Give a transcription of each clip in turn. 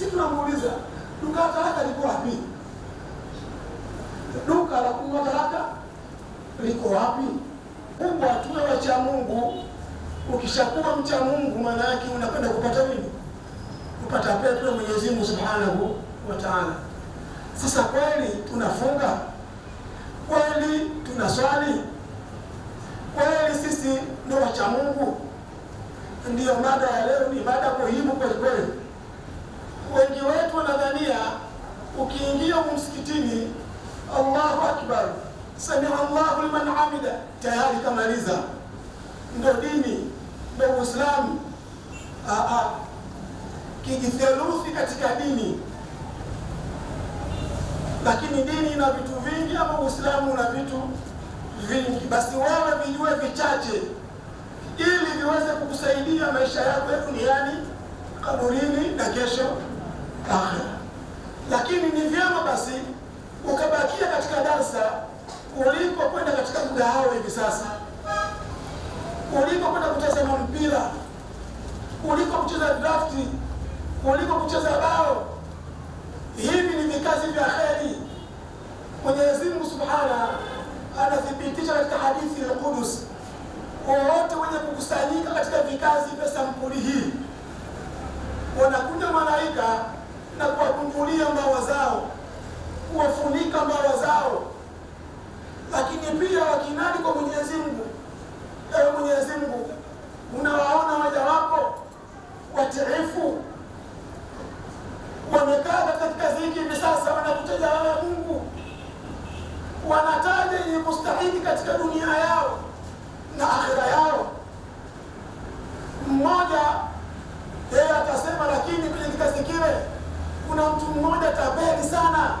si tunamuuliza duka la talaka liko wapi? Duka la kununua talaka liko wapi? Mungu atuwe wacha Mungu. Ukishakuwa mcha Mungu, maana yake unakwenda kupata nini? Kupata pepo ya Mwenyezi Mungu Subhanahu wa Ta'ala. Sasa kweli tunafunga, kweli tunaswali, kweli sisi ndio wacha Mungu? Ndiyo mada ya leo, ni mada muhimu kweli kweli wengi wetu wanadhania ukiingia msikitini, Allahu akbar, samia llahu liman hamida, tayari kamaliza, ndo dini ndo Uislamu. Ah, ah. Kijitheluthi katika dini, lakini dini ina vitu vingi, ama Uislamu una vitu vingi. Basi wala vijue vichache ili viweze kukusaidia maisha yako yani kaburini na kesho akhira. Lakini ni vyema basi ukabakia katika darsa kuliko kwenda katika mgahawa hivi sasa, kuliko kwenda kutazama mpira, kuliko kucheza drafti, kuliko kucheza bao. Hivi ni vikazi vya kheri. Mwenyezi Mungu subhana anathibitisha katika hadithi ya Qudus, wowote wenye kukusanyika wanataja yenye kustahiki katika dunia yao na akhira yao. Mmoja yeye atasema, lakini vile nikasikile kuna mtu mmoja tabeli sana,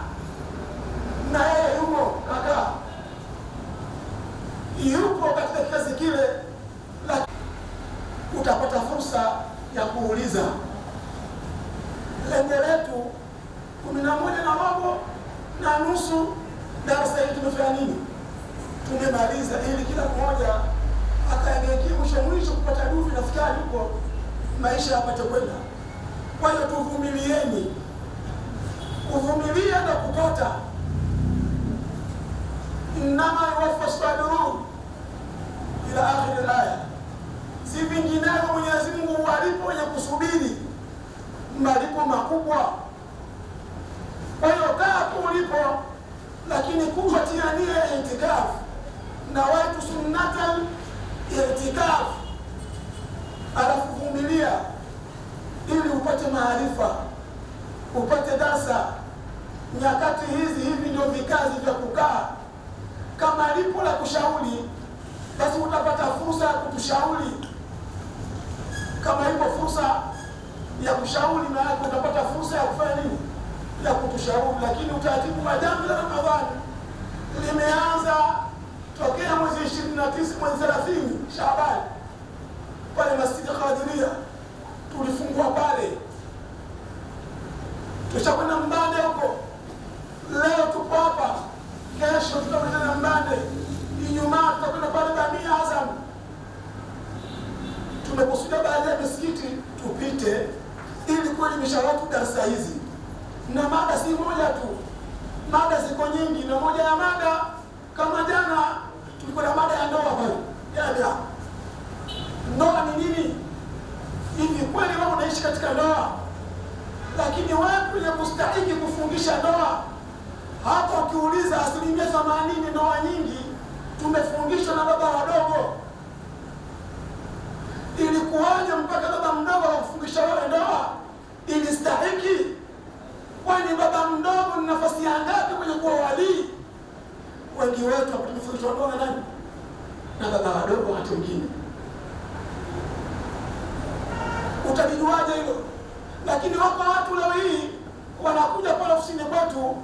na yeye yumo kaka, yupo katika kikazi kile, utapata fursa ya kuuliza lenge letu kumi na moja na robo na nusu darasa hili tumefanya nini? Tumemaliza ili kila mmoja akaelekea mwisho mwisho kupata dufu na futari huko, maisha yapate kwenda. Kwa hiyo tuvumilieni, kuvumilia na kupata innama yuwaffa sabirun ila akhiri laya, si vinginevyo Mwenyezi Mungu walipo wenye kusubiri malipo makubwa. Kwa hiyo kaa tu ulipo lakini kupatia nia itikafu na watu ya itikafu, alafu vumilia ili upate maarifa, upate dasa Nyakati hizi hivi ndio vikazi vya kukaa. Kama lipo la kushauri, basi utapata fursa ya kutushauri. Kama ipo fursa ya kushauri, maana utapata fursa ya kufanya nini ya kutusharuhu, lakini utaratibu wa jamvi la Ramadhani limeanza tokea mwezi ishirini na tisa mwezi thelathini Shaabani pale Masjidi Qadiria tulifungua pale, tushakwenda Mbande huko. Leo tupo hapa, kesho tutakwenda na Mbande, Ijumaa tutakwenda pale Bamia Azam. Tumekusudia baadhi ya misikiti tupite, ili kuelimisha watu darasa hizi na mada si moja tu, mada ziko nyingi, na moja ya mada kama jana tulikuwa na mada ya ndoa pale. Jana ndoa ni nini? Hivi kweli wewe unaishi katika ndoa? Lakini wewe kwenye kustahiki kufungisha ndoa, hata ukiuliza asilimia themanini, ndoa nyingi tumefungishwa na baba wadogo. Ilikuwaje mpaka baba mdogo wa kufungisha wewe ndoa? Ilistahiki? Kwani baba mdogo ni nafasi ya ngapi kwenye kuwa walii? Wengi wetu hakutumifurishwa ndoa nani na baba wadogo, watu wengine utajijuaje hilo? Lakini wako watu leo hii wanakuja pale ofisini kwetu,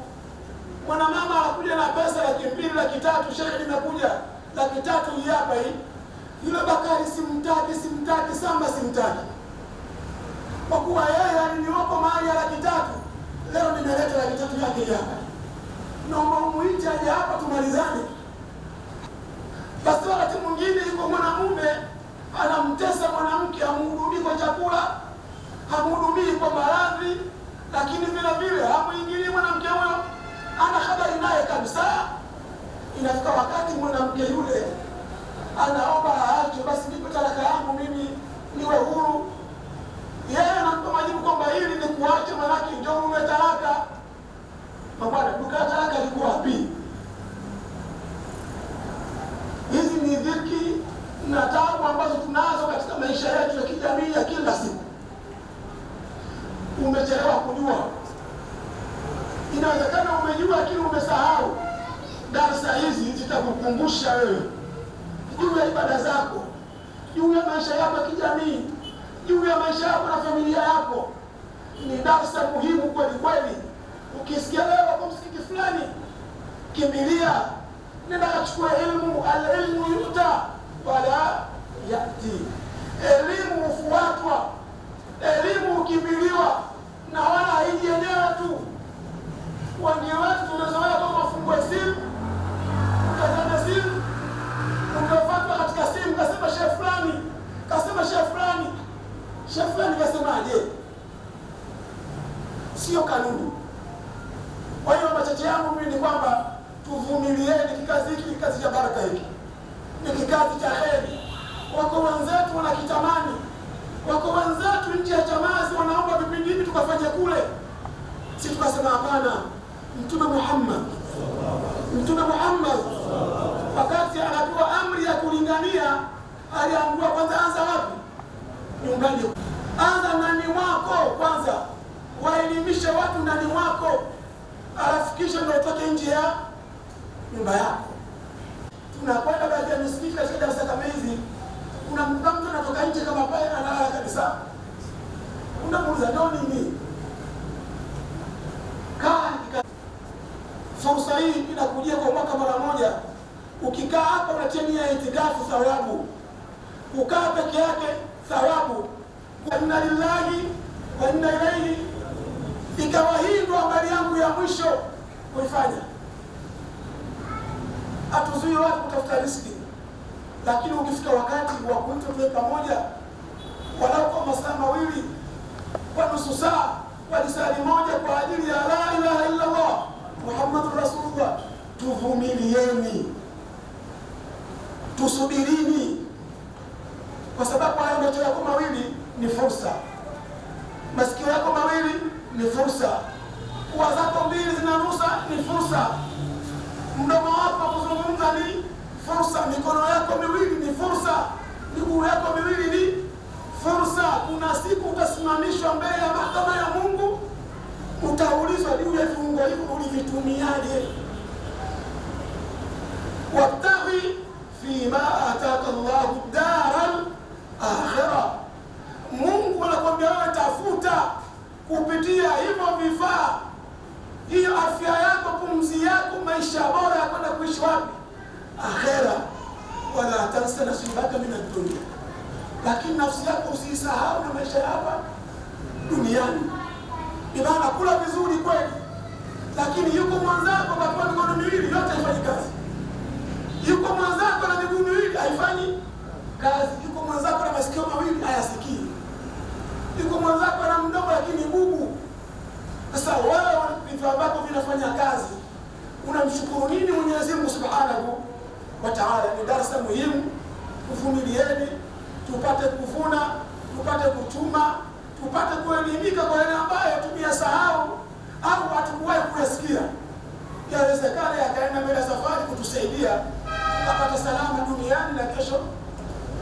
mama anakuja na pesa laki mbili laki tatu shehe, nimekuja laki tatu hii hapa hii. Yule Bakari simtaki, simtaki Samba simtaki, kwa kuwa yeye aliniwako mahali ya laki tatu Leo nimeleta laki tatu yake hapa, naomba umuite aje hapa tumalizane. Basi wakati mwingine yuko mwanamume anamtesa mwanamke, hamhudumii kwa chakula, hamhudumii kwa maradhi, lakini vile vile hamwingilii mwanamke huyo, ana habari naye kabisa. Inafika wakati mwanamke yule anaomba aache, basi ndipo talaka yangu mimi niwe na tabu ambazo tunazo katika maisha yetu ya kijamii ya kila siku. Umechelewa kujua, inawezekana umejua, lakini umesahau. Darsa hizi zitakukumbusha wewe juu ya ibada zako, juu ya maisha yako ya kijamii, juu ya maisha yako na familia yako. Ni darsa muhimu kweli kweli. Ukisikia leo kwa msikiti fulani, kimbilia, nenda kachukua ilmu. Alilmu yuta fala yati. Elimu hufuatwa, elimu hukimbiliwa na wala haiji tu. Kwa ndio watu tunazoea kwamba fungue simu tukafanya kule? Si tukasema hapana, Mtume Muhammad, Mtume Muhammad wakati anatua amri ya kulingania aliambua kwanza, anza wapi? Nyumbani. Anza ndani wako kwanza, waelimishe watu ndani wako, alafu kisha ndio utoke nje ya nyumba yako. Tunakwenda baadhi ya misikiti katika darasa kama hizi, kuna mtu anatoka nje kama pale analala kabisa unamuuliza doni nini? Kaa fursa hii inakujia kwa mwaka mara moja. Ukikaa hapa unatia nia ya itikafu, thawabu. Kukaa peke yake thawabu. Inna lillahi wa inna ilaihi. Ikawa hii ndo habari yangu ya mwisho kuifanya. Hatuzuii watu kutafuta riski, lakini ukifika wakati wa kuitwa tuwe pamoja walau kwa masaa mawili kwa nusu saa kwa moja kwa ajili ya la ilaha illa Allah Muhammadur Rasulullah. Tuvumilieni, tusubirini, kwa sababu hayo macho yako mawili ni fursa, masikio yako mawili ni fursa, pua zako mbili zinanusa ni fursa, mdomo wako kuzungumza ni fursa, mikono yako miwili ni fursa, miguu yako miwili ni fursa. Kuna siku utasimamishwa mbele ya mahakama ya Mungu, utaulizwa juu ya viungo hivyo ulivitumiaje? wabtaghi fima ataka llahu daral akhira, Mungu anakwambia wewe, tafuta kupitia hivyo vifaa, hiyo afya yako, pumzi yako, maisha bora ya kwenda kuishi wapi? Akhira, wala tansa nasibaka min dunya lakini nafsi yako usiisahau na maisha hapa duniani. Ni maana kula vizuri kweli, lakini yuko mwanzako katika mikono miwili yote tupate kutuma, tupate kuelimika kwa yale ambayo tumeyasahau au hatukuwahi kuyasikia. Yawezekana yakaenda mbele safari kutusaidia tukapata salama duniani na kesho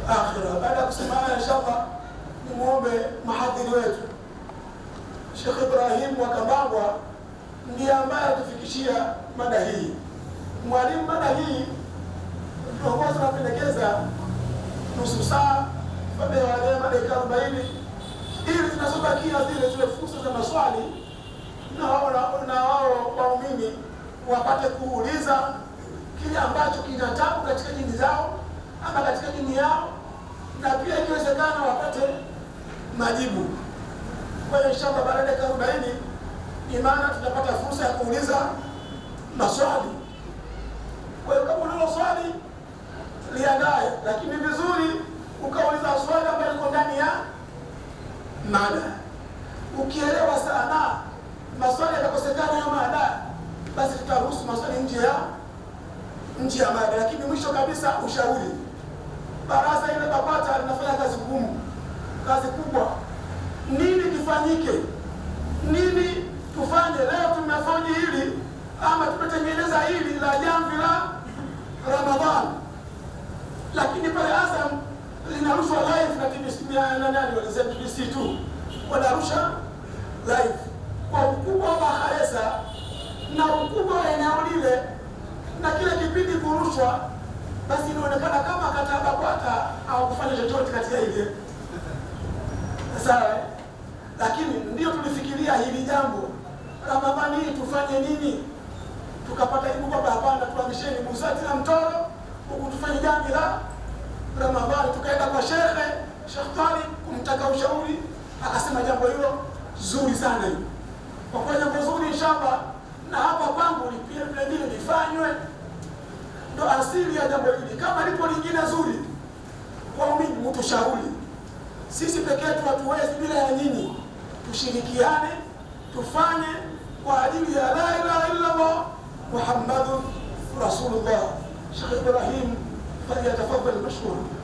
akhira. Baada ya kusimama, inshallah nimwombe mahadhiri wetu Sheikh Ibrahim wa ndiye ambaye atufikishia mada hii. Mwalimu, mada hii viongozi wanapendekeza nusu saa fadhila dakika arobaini ili zinazobakia zile zile fursa za maswali na wao waumini wapate kuuliza kile ambacho kina tabu katika dini zao ama katika dini yao, na pia ikiwezekana wapate majibu. Kwa hiyo inshallah, baada ya dakika arobaini ni maana tutapata fursa ya kuuliza maswali. Kwa hiyo kama unalo swali liandaye, lakini vizuri ukauliza swali ambayo liko ndani ya mada. Ukielewa sana maswali yatakosekana ya mada, basi tutaruhusu maswali nje ya nje ya mada. Lakini mwisho kabisa, ushauri, baraza ile BAKWATA linafanya kazi ngumu, kazi kubwa. Nini kifanyike? Nini tufanye leo? tumefanya hili ama tumetengeneza hili la jamvi la Ramadhani, lakini zinarusha live na TV na nani wanasema TVC tu wanarusha live kwa ukubwa wa haresa na ukubwa wa eneo lile na kila kipindi kurushwa, basi inaonekana kama kata BAKWATA kufanya chochote kati ya ile sawa. Eh? Lakini ndio tulifikiria hili jambo Ramadhani hii tufanye nini, tukapata ibu kwamba hapana, tuhamisheni BUSATI na Mtoro huku tufanye jambo la Ramadhani, tukaenda kwa shekhe Sheikh kumtaka ushauri, akasema jambo hilo zuri sana hiyo, kwa kuwa jambo zuri inshallah, na hapa kwangu pia vile vile lifanywe, ndo asili ya jambo hili, kama lipo lingine zuri kwa mimi shauri. Sisi pekee yetu hatuwezi bila ya nyinyi, tushirikiane tufanye kwa ajili ya la ilaha illa Allah Rasulullah. Sheikh Ibrahim فليتفضل المشكور